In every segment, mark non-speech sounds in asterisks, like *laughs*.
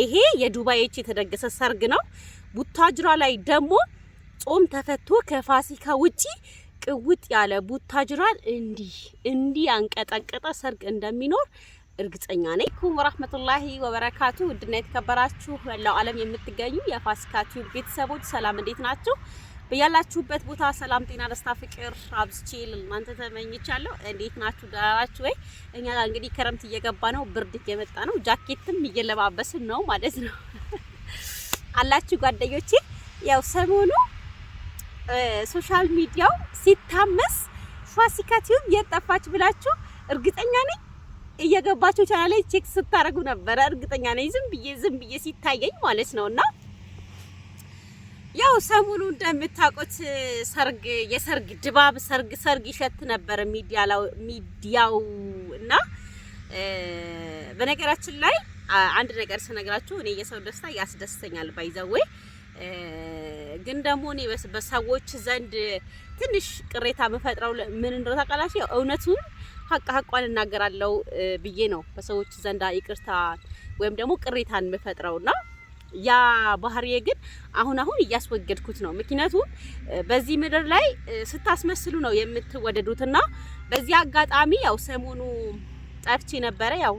ይሄ የዱባይች የተደገሰ ሰርግ ነው። ቡታጅራ ላይ ደግሞ ጾም ተፈቶ ከፋሲካ ውጪ ቅውጥ ያለ ቡታጅራን እንዲህ እንዲህ አንቀጠቀጠ ሰርግ እንደሚኖር እርግጠኛ ነኝ። ኩም ወራህመቱላሂ ወበረካቱ። ውድና የተከበራችሁ ለው ዓለም የምትገኙ የፋሲካ ቲዩብ ቤተሰቦች ሰላም፣ እንዴት ናችሁ? በያላችሁበት ቦታ ሰላም፣ ጤና፣ ደስታ፣ ፍቅር አብዝቼ እናንተ ተመኝቻለሁ። እንዴት ናችሁ? ደህና ናችሁ ወይ? እኛ እንግዲህ ክረምት እየገባ ነው፣ ብርድ እየመጣ ነው። ጃኬትም እየለባበስን ነው ማለት ነው *laughs* አላችሁ ጓደኞቼ። ያው ሰሞኑ ሶሻል ሚዲያው ሲታመስ ፋሲካቲውም ቲዩብ ብላችሁ እርግጠኛ ነኝ እየገባችሁ ቻናሌ ቼክ ስታደርጉ ነበረ። እርግጠኛ ነኝ ዝም ብዬ ዝም ብዬ ሲታየኝ ማለት ነውና ያው ሰሞኑ እንደምታውቁት ሰርግ የሰርግ ድባብ ሰርግ ሰርግ ይሸት ነበር ሚዲያው እና በነገራችን ላይ አንድ ነገር ስነግራችሁ እኔ የሰው ደስታ ያስደስተኛል። ባይዘዌ ግን ደግሞ እኔ በሰዎች ዘንድ ትንሽ ቅሬታ መፈጥረው ምን እንደው ታውቃላችሁ፣ እውነቱን ሀቅ ሀቋን እናገራለው ብዬ ነው በሰዎች ዘንድ ይቅርታ ወይም ደግሞ ቅሬታን ና ያ ባህሪዬ ግን አሁን አሁን እያስወገድኩት ነው። ምክንያቱም በዚህ ምድር ላይ ስታስመስሉ ነው የምትወደዱትና በዚህ አጋጣሚ ያው ሰሞኑ ጠፍቼ ነበረ። ያው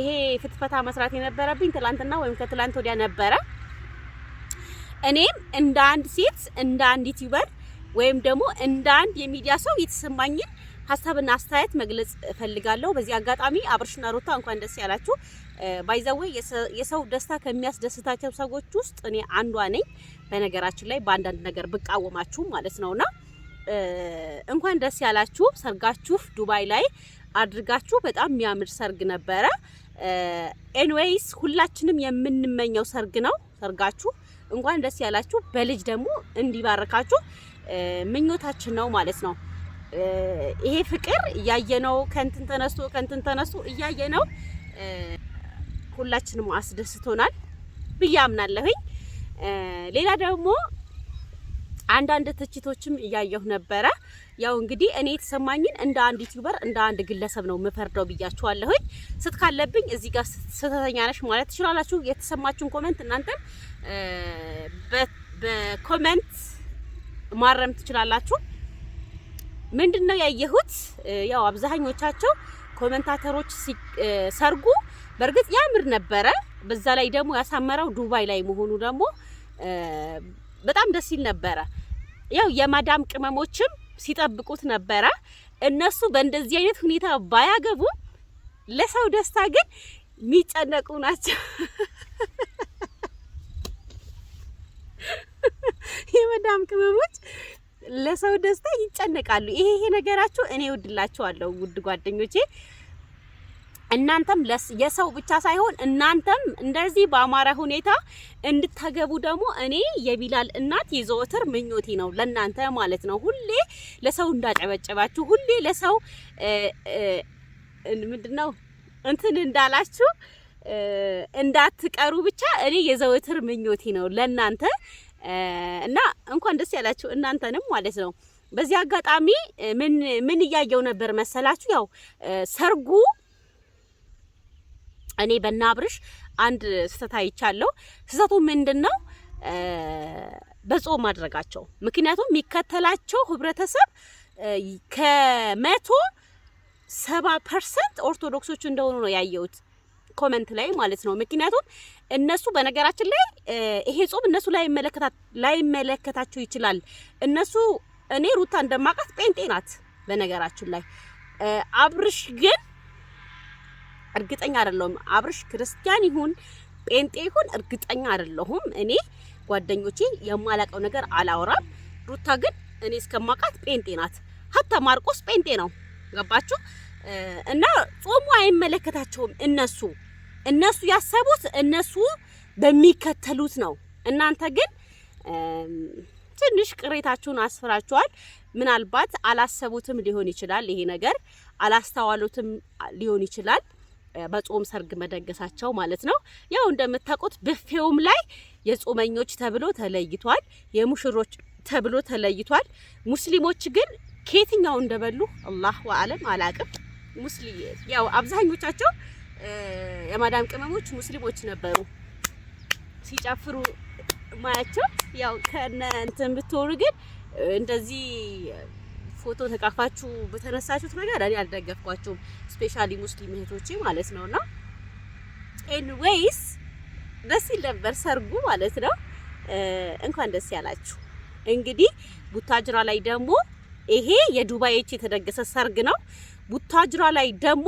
ይሄ ፍትፈታ መስራት የነበረብኝ ትላንትና ወይም ከትላንት ወዲያ ነበረ። እኔም እንደ አንድ ሴት እንደ አንድ ዩቲዩበር ወይም ደግሞ እንደ አንድ የሚዲያ ሰው የተሰማኝን ሀሳብና አስተያየት መግለጽ እፈልጋለሁ። በዚህ አጋጣሚ አብርሽና ሩታ እንኳን ደስ ያላችሁ። ባይዘዌ የሰው ደስታ ከሚያስደስታቸው ሰዎች ውስጥ እኔ አንዷ ነኝ። በነገራችን ላይ በአንዳንድ ነገር ብቃወማችሁም ማለት ነውና እንኳን ደስ ያላችሁ። ሰርጋችሁ ዱባይ ላይ አድርጋችሁ በጣም የሚያምር ሰርግ ነበረ። ኤንዌይስ ሁላችንም የምንመኘው ሰርግ ነው ሰርጋችሁ። እንኳን ደስ ያላችሁ። በልጅ ደግሞ እንዲባረካችሁ ምኞታችን ነው ማለት ነው። ይሄ ፍቅር እያየነው ከእንትን ተነስቶ ከእንትን ተነስቶ እያየነው ሁላችንም አስደስቶናል ብዬ አምናለሁኝ። ሌላ ደግሞ አንዳንድ ትችቶችም እያየሁ ነበረ። ያው እንግዲህ እኔ የተሰማኝን እንደ አንድ ዩቲዩበር እንደ አንድ ግለሰብ ነው የምፈርደው ብያችኋለሁኝ። ስት ካለብኝ እዚህ ጋር ስህተተኛ ነሽ ማለት ትችላላችሁ። የተሰማችሁን ኮመንት እናንተም በኮመንት ማረም ትችላላችሁ። ምንድን ነው ያየሁት? ያው አብዛኞቻቸው ኮመንታተሮች ሲሰርጉ በእርግጥ ያምር ነበረ። በዛ ላይ ደግሞ ያሳመረው ዱባይ ላይ መሆኑ ደግሞ በጣም ደስ ይል ነበረ። ያው የማዳም ቅመሞችም ሲጠብቁት ነበረ። እነሱ በእንደዚህ አይነት ሁኔታ ባያገቡም ለሰው ደስታ ግን የሚጨነቁ ናቸው። *laughs* የመዳም ቅመሞች ለሰው ደስታ ይጨነቃሉ። ይሄ ይሄ ነገራችሁ እኔ እወድላችኋለሁ ውድ ጓደኞቼ። እናንተም የሰው ብቻ ሳይሆን እናንተም እንደዚህ በአማረ ሁኔታ እንድታገቡ ደግሞ እኔ የቢላል እናት የዘወትር ምኞቴ ነው፣ ለእናንተ ማለት ነው። ሁሌ ለሰው እንዳጨበጨባችሁ፣ ሁሌ ለሰው ምንድነው እንትን እንዳላችሁ እንዳትቀሩ ብቻ እኔ የዘወትር ምኞቴ ነው ለእናንተ እና እንኳን ደስ ያላችሁ እናንተንም ማለት ነው። በዚህ አጋጣሚ ምን ምን እያየው ነበር መሰላችሁ? ያው ሰርጉ እኔ በናብርሽ አንድ ስህተት አይቻለሁ። ስህተቱ ምንድን ነው? በጾም ማድረጋቸው ምክንያቱም የሚከተላቸው ህብረተሰብ ከመቶ ሰባ ፐርሰንት ኦርቶዶክሶች እንደሆኑ ነው ያየሁት። ኮመንት ላይ ማለት ነው። ምክንያቱም እነሱ በነገራችን ላይ ይሄ ጾም እነሱ ላይመለከታቸው ይችላል። እነሱ እኔ ሩታ እንደማውቃት ጴንጤ ናት በነገራችን ላይ አብርሽ ግን እርግጠኛ አይደለሁም። አብርሽ ክርስቲያን ይሁን ጴንጤ ይሁን እርግጠኛ አይደለሁም። እኔ ጓደኞቼ የማላቀው ነገር አላወራም። ሩታ ግን እኔ እስከማውቃት ጴንጤ ናት። ሀታ ማርቆስ ጴንጤ ነው። ገባችሁ? እና ጾሙ አይመለከታቸውም እነሱ እነሱ ያሰቡት እነሱ በሚከተሉት ነው። እናንተ ግን ትንሽ ቅሬታችሁን አስፍራችኋል። ምናልባት አላሰቡትም ሊሆን ይችላል፣ ይሄ ነገር አላስተዋሉትም ሊሆን ይችላል። በጾም ሰርግ መደገሳቸው ማለት ነው። ያው እንደምታውቁት ብፌውም ላይ የጾመኞች ተብሎ ተለይቷል፣ የሙሽሮች ተብሎ ተለይቷል። ሙስሊሞች ግን ከየትኛው እንደበሉ አላህ አለም አላቅም። ሙስሊ ያው አብዛኞቻቸው የማዳም ቅመሞች ሙስሊሞች ነበሩ ሲጨፍሩ ማያቸው። ያው ከነ እንትን ብትሆኑ ግን እንደዚህ ፎቶ ተቃፋችሁ በተነሳችሁት ነገር እኔ አልደገፍኳቸውም። ስፔሻሊ ሙስሊም እህቶቼ ማለት ነውና ኤንዌይስ ደስ ይል ነበር ሰርጉ ማለት ነው። እንኳን ደስ ያላችሁ። እንግዲህ ቡታጅራ ላይ ደግሞ ይሄ የዱባዮች የተደገሰ ሰርግ ነው። ቡታጅራ ላይ ደግሞ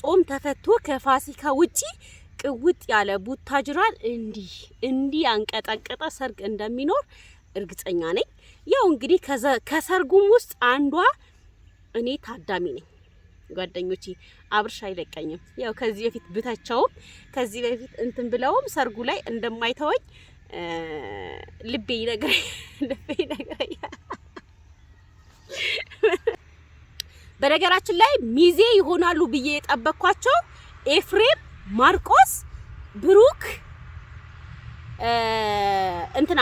ጾም ተፈቶ ከፋሲካ ውጪ ቅውጥ ያለ ቡታጅራን እንዲህ እንዲህ አንቀጠቀጠ ሰርግ እንደሚኖር እርግጠኛ ነኝ። ያው እንግዲህ ከሰርጉም ውስጥ አንዷ እኔ ታዳሚ ነኝ። ጓደኞቼ አብርሽ አይለቀኝም። ያው ከዚህ በፊት ብታቸውም ከዚህ በፊት እንትን ብለውም ሰርጉ ላይ እንደማይተወኝ ልቤ ይነግረኛል። *laughs* ልቤ ይነግረኛል። በነገራችን ላይ ሚዜ ይሆናሉ ብዬ የጠበቅኳቸው ኤፍሬም፣ ማርቆስ፣ ብሩክ እንትና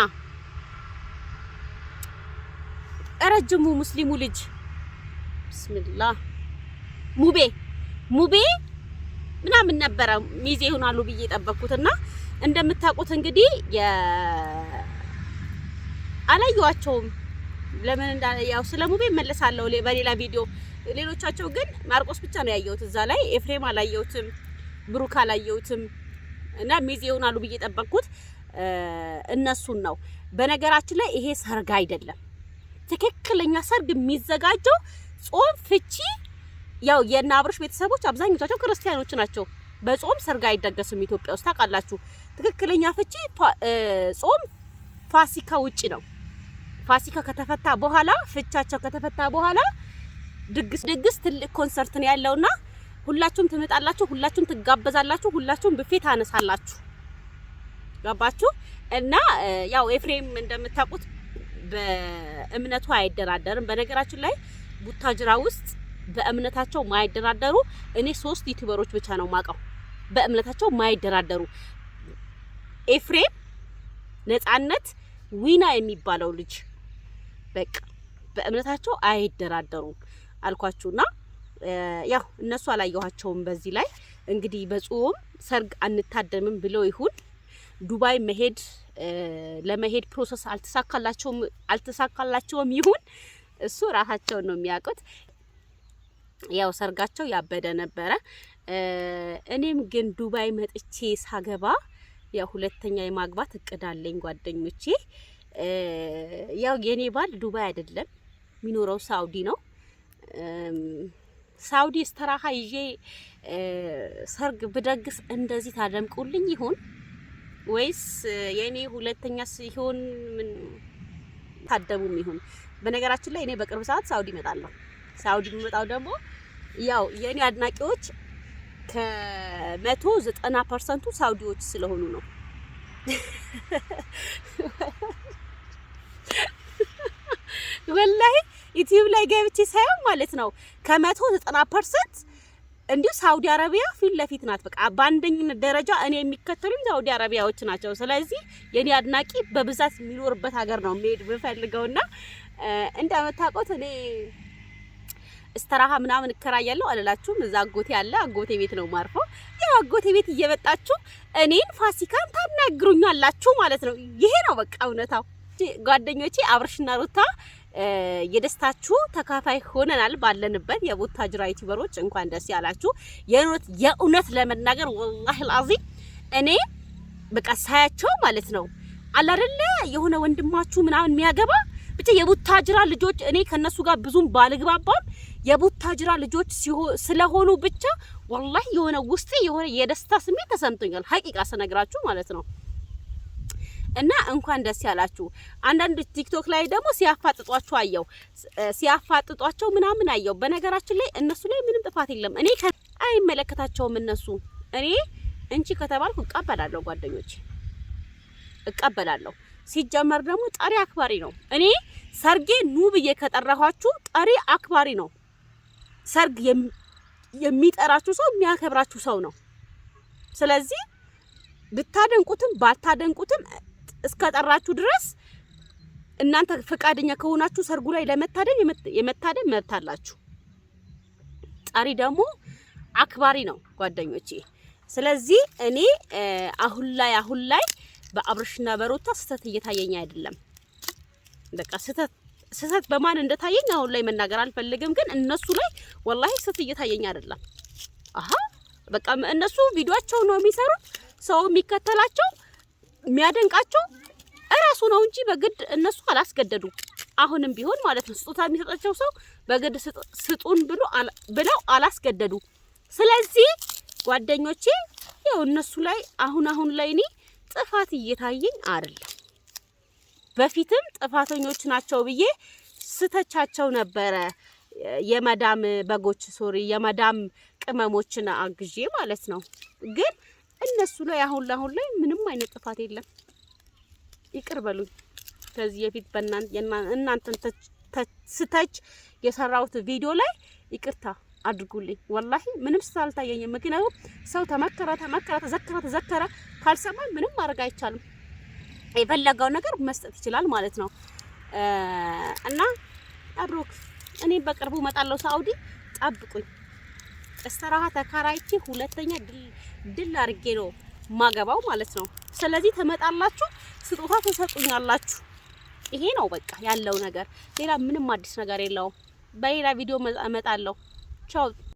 ረጅሙ ሙስሊሙ ልጅ ብስምላህ ሙቤ ሙቤ ምናምን ነበረ ሚዜ ይሆናሉ ብዬ የጠበቅኩትና እንደምታውቁት እንግዲህ አላየኋቸውም። ለምን ያው ስለ ሙቤ መለሳለሁ በሌላ ቪዲዮ። ሌሎቻቸው ግን ማርቆስ ብቻ ነው ያየሁት እዛ ላይ። ኤፍሬም አላየሁትም፣ ብሩክ አላየሁትም እና ሚዜ ይሆናሉ ብዬ ጠበቅኩት እነሱን ነው። በነገራችን ላይ ይሄ ሰርግ አይደለም። ትክክለኛ ሰርግ የሚዘጋጀው ጾም ፍቺ፣ ያው የእነ አብርሽ ቤተሰቦች አብዛኞቻቸው ክርስቲያኖች ናቸው። በጾም ሰርግ አይደገስም ኢትዮጵያ ውስጥ ታውቃላችሁ። ትክክለኛ ፍቺ ጾም ፋሲካ ውጪ ነው። ፋሲካ ከተፈታ በኋላ ፍቻቸው ከተፈታ በኋላ ድግስ ድግስ ትልቅ ኮንሰርት ነው ያለውና ሁላችሁም ትመጣላችሁ፣ ሁላችሁም ትጋበዛላችሁ፣ ሁላችሁም ብፌ ታነሳላችሁ። ገባችሁ? እና ያው ኤፍሬም እንደምታውቁት በእምነቱ አይደራደርም። በነገራችን ላይ ቡታጅራ ውስጥ በእምነታቸው ማይደራደሩ እኔ ሶስት ዩቲዩበሮች ብቻ ነው ማቀው በእምነታቸው ማይደራደሩ ኤፍሬም፣ ነጻነት፣ ዊና የሚባለው ልጅ በቃ በእምነታቸው አይደራደሩም። አልኳችሁና ያው እነሱ አላየኋቸውም። በዚህ ላይ እንግዲህ በጽሁም ሰርግ አንታደምም ብለው ይሁን ዱባይ መሄድ ለመሄድ ፕሮሰስ አልተሳካላቸውም አልተሳካላቸውም ይሁን እሱ ራሳቸውን ነው የሚያውቁት። ያው ሰርጋቸው ያበደ ነበረ። እኔም ግን ዱባይ መጥቼ ሳገባ ያው ሁለተኛ የማግባት እቅድ አለኝ ጓደኞቼ። ያው የኔ ባል ዱባይ አይደለም የሚኖረው ሳውዲ ነው ሳውዲ እስተራሃ ይዤ ሰርግ ብደግስ እንደዚህ ታደምቁልኝ ይሆን ወይስ የእኔ ሁለተኛ ሲሆን ምን ታደሙም ይሆን? በነገራችን ላይ እኔ በቅርብ ሰዓት ሳውዲ እመጣለሁ። ሳውዲ የምመጣው ደግሞ ያው የእኔ አድናቂዎች ከመቶ ዘጠና ፐርሰንቱ ሳውዲዎች ስለሆኑ ነው። *laughs* ወላሂ ዩቲዩብ ላይ ገብቼ ሳይሆን ማለት ነው ከመቶ ዘጠና ፐርሰንት እንዲሁ ሳውዲ አረቢያ ፊት ለፊት ናት። በቃ በአንደኝነት ደረጃ እኔ የሚከተሉኝ ሳውዲ አረቢያዎች ናቸው። ስለዚህ የኔ አድናቂ በብዛት የሚኖርበት ሀገር ነው መሄድ ብፈልገውና እንደምታውቁት እኔ እስተራሃ ምናምን እከራያለሁ አላላችሁም። እዛ አጎቴ አለ፣ አጎቴ ቤት ነው ማርፈው። ያው አጎቴ ቤት እየመጣችሁ እኔን ፋሲካን ታናግሩኛላችሁ ማለት ነው። ይሄ ነው በቃ እውነታው። ጓደኞቼ አብርሽና ሩታ የደስታችሁ ተካፋይ ሆነናል ባለንበት። የቡታጅራ ዩቲዩበሮች እንኳን ደስ ያላችሁ። የእውነት ለመናገር ወላሂ አልዓዚም እኔ በቃ ሳያቸው ማለት ነው አላደለ የሆነ ወንድማችሁ ምናምን የሚያገባ ብቻ የቡታጅራ ልጆች እኔ ከነሱ ጋር ብዙም ባልግባባም የቡታጅራ ልጆች ስለሆኑ ብቻ ወላሂ የሆነ ውስጤ የሆነ የደስታ ስሜት ተሰምቶኛል። ሀቂቃ ስነግራችሁ ማለት ነው። እና እንኳን ደስ ያላችሁ። አንዳንድ ቲክቶክ ላይ ደግሞ ሲያፋጥጧችሁ አየው፣ ሲያፋጥጧቸው ምናምን አየው። በነገራችን ላይ እነሱ ላይ ምንም ጥፋት የለም። እኔ አይመለከታቸውም እነሱ። እኔ እንቺ ከተባልኩ እቀበላለሁ፣ ጓደኞች እቀበላለሁ። ሲጀመር ደግሞ ጠሪ አክባሪ ነው። እኔ ሰርጌ ኑ ብዬ ከጠራኋችሁ ጠሪ አክባሪ ነው። ሰርግ የሚጠራችሁ ሰው የሚያከብራችሁ ሰው ነው። ስለዚህ ብታደንቁትም ባታደንቁትም እስከጠራችሁ ድረስ እናንተ ፈቃደኛ ከሆናችሁ ሰርጉ ላይ ለመታደም የመታደም መብት አላችሁ። ጠሪ ደግሞ አክባሪ ነው ጓደኞቼ። ስለዚህ እኔ አሁን ላይ አሁን ላይ በአብርሽና በሮታ ስህተት እየታየኝ አይደለም። በቃ ስህተት ስህተት በማን እንደታየኝ አሁን ላይ መናገር አልፈልግም፣ ግን እነሱ ላይ ወላሂ ስህተት እየታየኝ አይደለም። አሀ በቃ እነሱ ቪዲዮአቸው ነው የሚሰሩት፣ ሰው የሚከተላቸው የሚያደንቃቸው እራሱ ነው እንጂ በግድ እነሱ አላስገደዱ አሁንም ቢሆን ማለት ነው ስጦታ የሚሰጣቸው ሰው በግድ ስጡን ብሎ ብለው አላስገደዱ። ስለዚህ ጓደኞቼ ያው እነሱ ላይ አሁን አሁን ላይ እኔ ጥፋት እየታየኝ አይደለም። በፊትም ጥፋተኞች ናቸው ብዬ ስተቻቸው ነበረ። የመዳም በጎች ሶሪ የመዳም ቅመሞችን አግዤ ማለት ነው ግን እነሱ ላይ አሁን ለአሁን ላይ ምንም አይነት ጥፋት የለም። ይቅር በሉኝ። ከዚህ የፊት እናንተን ስተች የሰራሁት ቪዲዮ ላይ ይቅርታ አድርጉልኝ። ወላሂ ምንም ስህተት ምክንያቱም ሰው ተመከረ ተመከረ ተዘከረ ተዘከረ ካልሰማ ምንም ማድረግ አይቻልም። የፈለገው ነገር መስጠት ይችላል ማለት ነው። እና አብሮክ እኔ በቅርቡ እመጣለሁ ሳውዲ፣ ጠብቁኝ። በስተራሃ ተከራይቼ ሁለተኛ ድል አድርጌ ነው ማገባው ማለት ነው። ስለዚህ ትመጣላችሁ፣ ስጦታ ትሰጡኛላችሁ። ይሄ ነው በቃ ያለው ነገር። ሌላ ምንም አዲስ ነገር የለውም። በሌላ ቪዲዮ እመጣለሁ። ቻው።